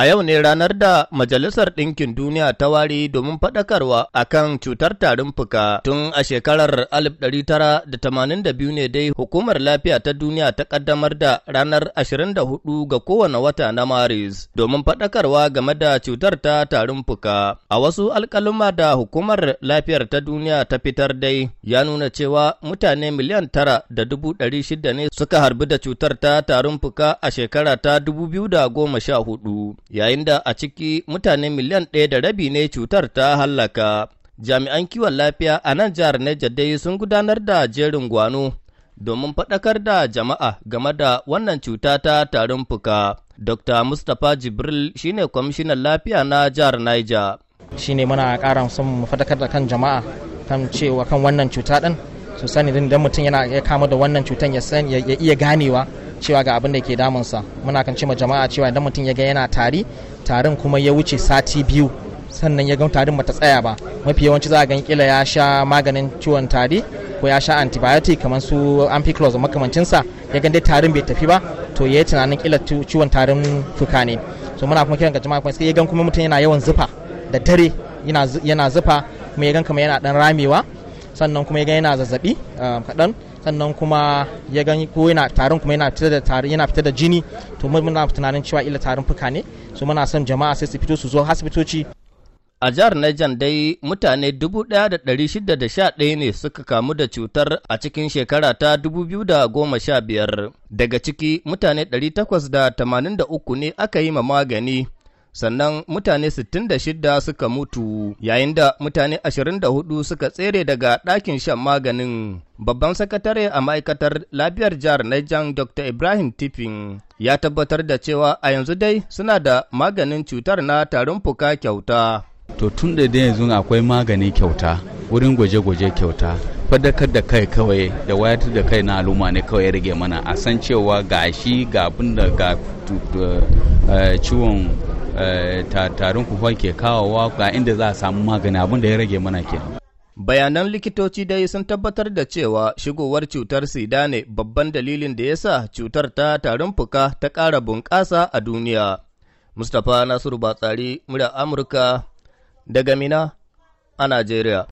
A yau ne ranar da Majalisar Ɗinkin Duniya ta Wari domin faɗakarwa a kan cutar tarin fuka tun a shekarar 1982 ne dai Hukumar Lafiya ta Duniya ta ƙaddamar da ranar 24 ga kowane wata na Maris domin faɗakarwa game da cutar ta tarin fuka. A wasu alƙaluma da Hukumar Lafiyar ta Duniya ta fitar dai ya nuna cewa mutane miliyan tara da dubu ɗari shida ne suka harbi da cutar ta tarin fuka a shekara ta sha hudu. yayin da a ciki mutane miliyan ɗaya da rabi ne cutar ta hallaka. Jami'an kiwon lafiya a nan jihar Neja dai sun gudanar da jerin gwano domin faɗakar da jama'a game da wannan cuta ta tarin fuka. Dr. Mustapha Jibril shine kwamishinan lafiya na jihar Niger. Shine muna ƙara son mu faɗakar da kan jama'a kan cewa kan wannan cuta ɗin su sani din idan mutum yana ya kama da wannan cutan ya san ya iya ganewa cewa ga abin da ke damunsa muna kan cewa jama'a cewa idan mutum ya ga yana tari tarin kuma ya wuce sati biyu sannan ya ga tarin bata tsaya ba mafi yawanci za a gan kila ya sha maganin ciwon tari ko ya sha antibiotic kamar su ampiclos makamancinsa ya ga dai tarin bai tafi ba to ya yi tunanin kila ciwon tarin fuka ne so muna kuma kiran ga jama'a kuma sai ya gan kuma mutum yana yawan zufa da dare yana zufa kuma ya gan kamar yana dan ramewa sannan kuma ya gani yana zazzabi um, kaɗan sannan kuma ya gani ko yana tarin kuma yana fitar da tarin yana fitar da jini to muna tunanin cewa illa tarin fuka ne so muna son jama'a sai su fito su zo asibitoci a jihar Niger dai mutane 1,611 ne suka kamu da cutar a cikin shekara ta 2015 daga ciki mutane 883 ne aka yi ma magani sannan mutane 66 suka mutu yayin da mutane 24 suka tsere daga ɗakin shan maganin babban sakatare a ma'aikatar lafiyar jihar Niger Dr. Ibrahim Tipping ya tabbatar da cewa a yanzu dai suna da maganin cutar na tarin fuka kyauta. To tun da dai yanzu akwai magani kyauta, wurin gwaje-gwaje kyauta, fadakar da kai kawai da wayatar da kai na al'umma ne kawai ya rage mana a san cewa gashi ga abin da ga eh, ciwon Eh, tarin kuhon ke kawowa ga inda za a samu magani abin da ya rage mana ke. Bayanan likitoci dai sun tabbatar da cewa shigowar cutar sida ne babban dalilin da ya sa cutar ta tarin fuka ta ƙara bunƙasa a duniya. Mustapha Nasiru Batsari, murya Amurka, daga Mina a Najeriya.